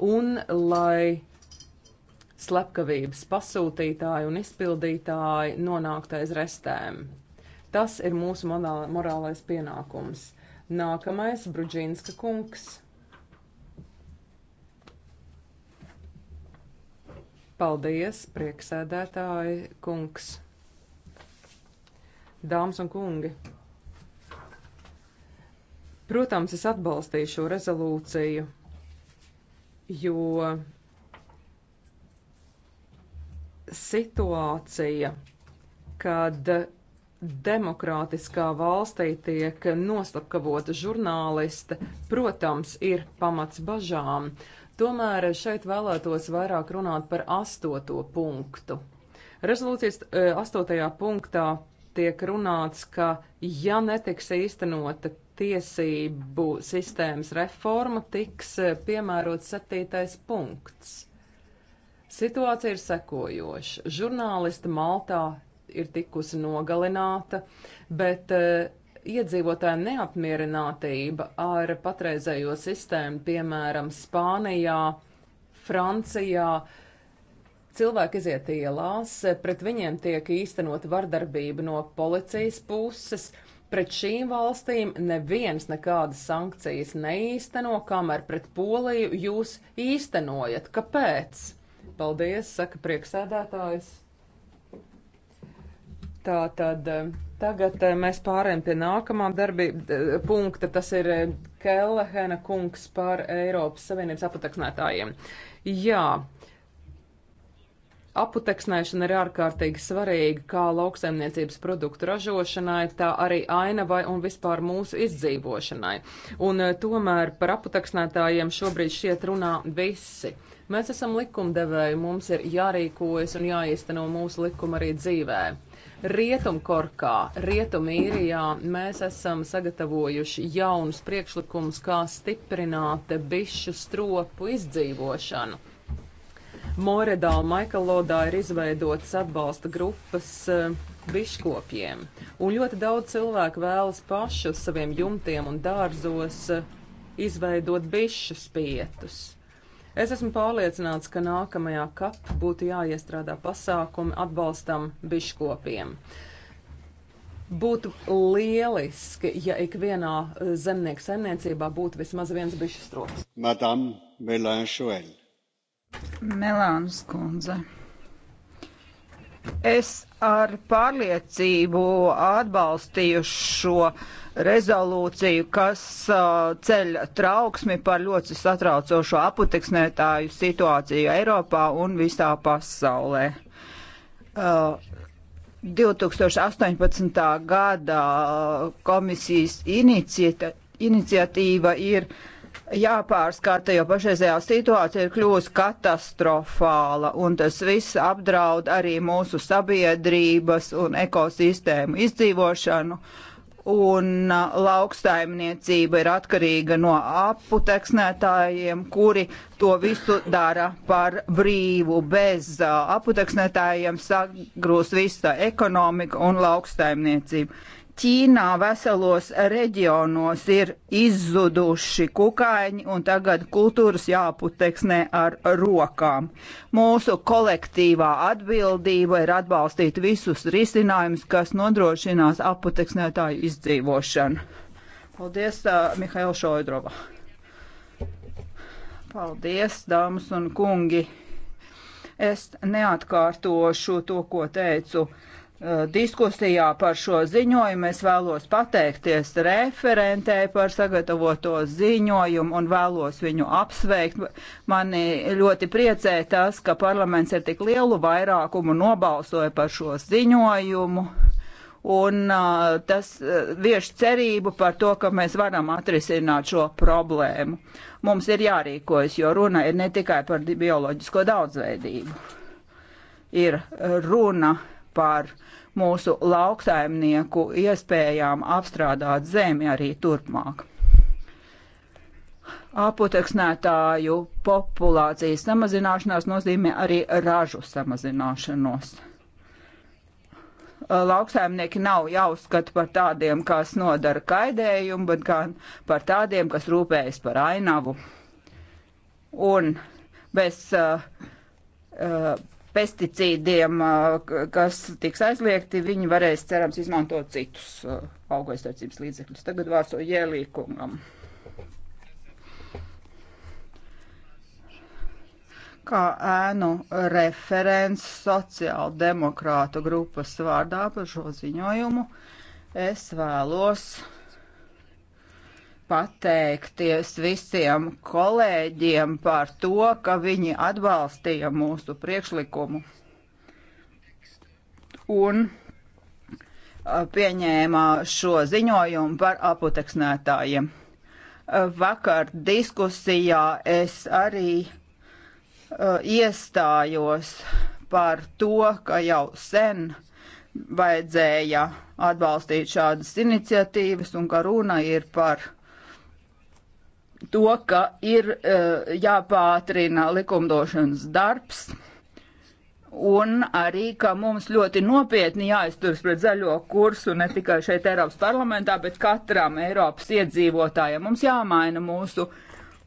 un lai slepkavības pasūtītāji un izpildītāji nonāktu aiz restēm. Tas ir mūsu morālais pienākums. Nākamais - Brudžinska kungs. Paldies, prieksēdētāji, kungs, dāmas un kungi. Protams, es atbalstīju šo rezolūciju, jo situācija, kad demokrātiskā valstī tiek noslapkavota žurnāliste, protams, ir pamats bažām. Uh, Tomēr šeit vēlētos vairāk runāt par astoto punktu. Rezolūcijas e, astotajā punktā tiek runāts, ka ja netiks īstenota tiesību sistēmas reforma, tiks e, piemērots septītais punkts. Situācija ir sekojoša. Žurnālista Maltā ir tikusi nogalināta, bet e, iedzīvotāja neapmierinātība ar patreizējo sistēmu, piemēram, Spānijā, Francijā. Cilvēki iziet ielās, pret viņiem tiek īstenot vardarbība no policijas puses. Pret šīm valstīm neviens nekādas sankcijas neīsteno, kamēr pret Poliju jūs īstenojat. Kāpēc? Paldies, saka prieksēdētājs. Tā tad. Uh, Tagad eh, mēs pārējām pie nākamā darbība eh, punkta. Tas ir eh, Kellehena kungs par Eiropas Savienības apateksnētājiem. Jā. Uh, Aputeksnēšana ir ārkārtīgi svarīga kā lauksaimniecības produktu ražošanai, tā arī ainavai un vispār mūsu izdzīvošanai. Un eh, tomēr par aputeksnētājiem šobrīd šiet runā visi. Mēs esam likumdevēji, mums ir jārīkojas un jāīsteno mūsu likuma arī dzīvē. Rietumkorkā, Rietumīrijā mēs esam sagatavojuši jaunus priekšlikumus, kā stiprināt bišu stropu izdzīvošanu. Moredā un Maikalodā ir izveidotas atbalsta grupas eh, biškopiem, un ļoti daudz cilvēku vēlas paši uz saviem jumtiem un dārzos eh, izveidot bišu spietus. Es esmu pārliecināts, ka nākamajā kap būtu jāiestrādā pasākumi atbalstam biškopiem. Būtu lieliski, ja ikvienā eh, zemnieku saimniecībā būtu vismaz viens bišu strops. Madame Melanchoel. Melānas kundze. Es ar pārliecību atbalstīju šo rezolūciju, kas uh, ceļ trauksmi par ļoti satraucošo aputeksnētāju situāciju Eiropā un visā pasaulē. Uh, 2018. gada komisijas iniciata, iniciatīva ir uh, jāpārskata, jo pašreizējā situācija ir kļūst katastrofāla, un tas viss apdraud arī mūsu sabiedrības un ekosistēmu izdzīvošanu un lauksaimniecība ir atkarīga no aputeksnētājiem, kuri to visu dara par brīvu. Bez aputeksnētājiem sagrūs visa ekonomika un lauksaimniecība. Ķīnā veselos reģionos ir izzuduši kukaiņi un tagad kultūras jāputeksnē ar rokām. Mūsu kolektīvā atbildība ir atbalstīt visus risinājumus, kas nodrošinās aputeksnētāju izdzīvošanu. Paldies, uh, Mihaila Šoidrova. Paldies, dāmas un kungi. Es neatkārtošu to, ko teicu diskusijā par šo ziņojumu. Es vēlos pateikties referentē par sagatavoto ziņojumu un vēlos viņu apsveikt. Mani ļoti priecē tas, ka parlaments ar tik lielu vairākumu nobalsoja par šo ziņojumu. Un uh, tas uh, vieš cerību par to, ka mēs varam atrisināt šo problēmu. Mums ir jārīkojas, jo runa ir ne tikai par bioloģisko daudzveidību. Ir runa uh, par mūsu lauksaimnieku iespējām apstrādāt zemi arī turpmāk. Apoteksnētāju populācijas samazināšanās nozīmē arī ražu samazināšanos. Lauksaimnieki nav jāuzskata par tādiem, kas nodara kaidējumu, bet gan par tādiem, kas rūpējas par ainavu. Un bez uh, uh, pesticīdiem, uh, kas tiks aizliegti, viņi varēs, cerams, izmantot citus uh, augu aizsardzības līdzekļus. Tagad vārso Jēlīkungam. Kā ēnu referents sociāldemokrātu grupas vārdā par šo ziņojumu, es vēlos uh, pateikties visiem kolēģiem par to, ka viņi atbalstīja mūsu priekšlikumu un pieņēma šo ziņojumu par apoteksnētājiem. Vakar diskusijā es arī iestājos par to, ka jau sen vajadzēja atbalstīt šādas iniciatīvas un ka runa ir par to, ka ir uh, jāpātrina likumdošanas darbs un arī, ka mums ļoti nopietni jāizturas pret zaļo kursu ne tikai šeit Eiropas parlamentā, bet katram Eiropas iedzīvotājam. Mums jāmaina mūsu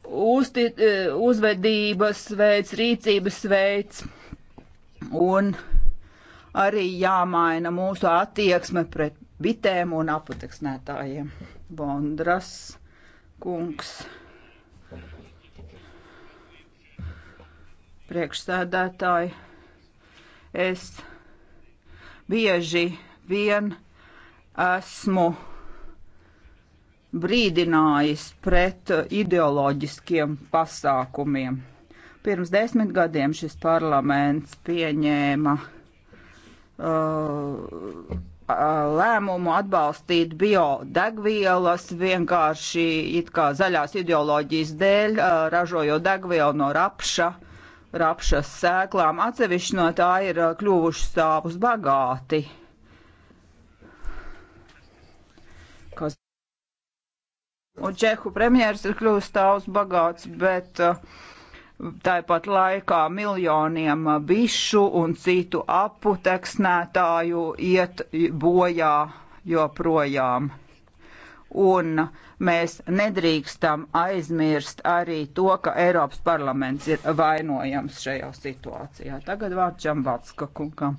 uzti, eh, uzvedības veids, rīcības veids un arī jāmaina mūsu attieksme pret bitēm un apateksnētājiem. Bondras kungs. priekšsēdētāji. Es bieži vien esmu brīdinājis pret ideoloģiskiem pasākumiem. Pirms desmit gadiem šis parlaments pieņēma uh, lēmumu atbalstīt biodegvielas vienkārši it kā zaļās ideoloģijas dēļ, uh, ražojot degvielu no rapša rapšas sēklām. Atsevišķi no tā ir uh, kļuvuši stāvus bagāti. Kas Un Čehu premjeras ir kļuvis tāds bagāts, bet uh, tāpat laikā miljoniem uh, bišu un citu aputeksnētāju iet bojā joprojām. Un mēs nedrīkstam aizmirst arī to, ka Eiropas parlaments ir vainojams šajā situācijā. Tagad vārds Čambatska kungam.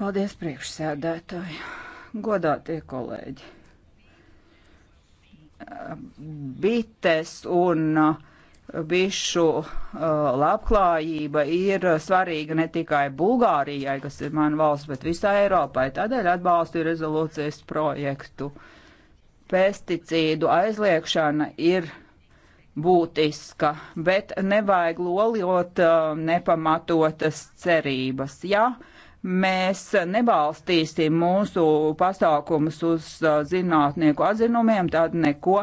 Paldies priekšsēdētāji, godātie kolēģi. Bites un uh, bišu uh, labklājība ir svarīga ne tikai Bulgārijai, kas ir mana valsts, bet visai Eiropai. Tādēļ atbalstu rezolūcijas projektu. Uh, pesticīdu aizliekšana ir būtiska, bet nevajag loliot uh, nepamatotas cerības. Ja mēs nebalstīsim mūsu pasākumus uz uh, zinātnieku atzinumiem, tad neko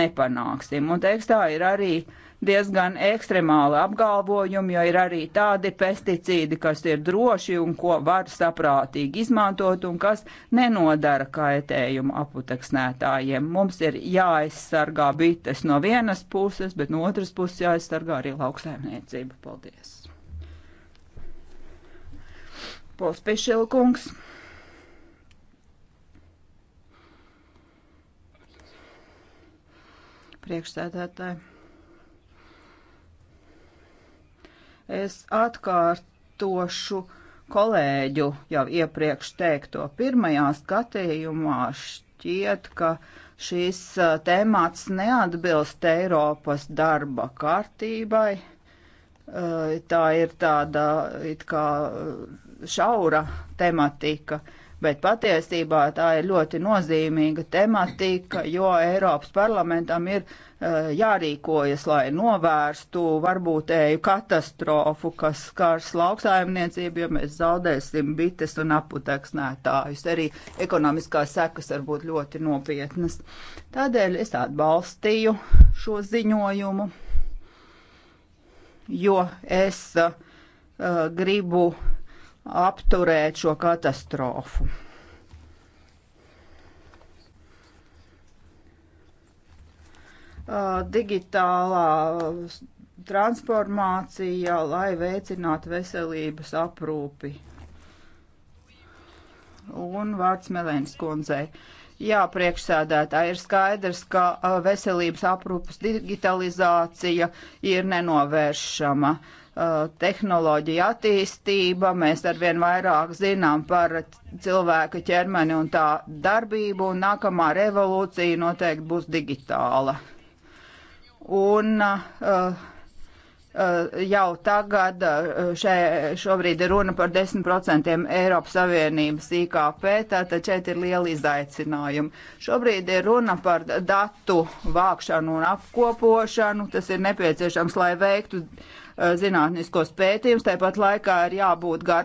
nepanāksim. Un tekstā ir arī uh, diezgan ekstremāli apgalvojumi, jo ir arī tādi pesticīdi, kas ir droši un ko var saprātīgi izmantot un kas nenodara kaitējumu aputeksnētājiem. Mums ir jāaizsargā bites no vienas puses, bet no otras puses jāaizsargā arī lauksēmniecība. Paldies! Polspiešilkungs. priekšsēdētāji. Es atkārtošu kolēģu jau iepriekš teikto. Pirmajā skatījumā šķiet, ka šīs uh, tēmāts neatbilst Eiropas darba kārtībai. Uh, tā ir tāda it kā uh, šaura tematika bet patiesībā tā ir ļoti nozīmīga tematika, jo Eiropas parlamentam ir uh, jārīkojas, lai novērstu varbūtēju katastrofu, kas skars lauksaimniecību, jo mēs zaudēsim bites un aputeksnētājus. Arī ekonomiskās sekas var būt ļoti nopietnas. Tādēļ es atbalstīju šo ziņojumu, jo es uh, gribu uh, apturēt šo katastrofu. Uh, digitālā transformācija, lai veicinātu veselības aprūpi. Un vārds Melēnas kundzei. Jā, priekšsēdētāji, ir skaidrs, ka uh, veselības aprūpas digitalizācija ir nenovēršama. Uh, Uh, tehnoloģija attīstība, mēs arvien vairāk zinām par cilvēka ķermeni un tā darbību, un nākamā revolūcija noteikti būs digitāla. Un uh, uh jau tagad uh, šē, šobrīd ir runa par 10% Eiropas Savienības IKP, tātad šeit ir liela izaicinājuma. Šobrīd ir runa par datu vākšanu un apkopošanu, tas ir nepieciešams, lai veiktu zinātniskos pētījumus, tāpat laikā ir jābūt garām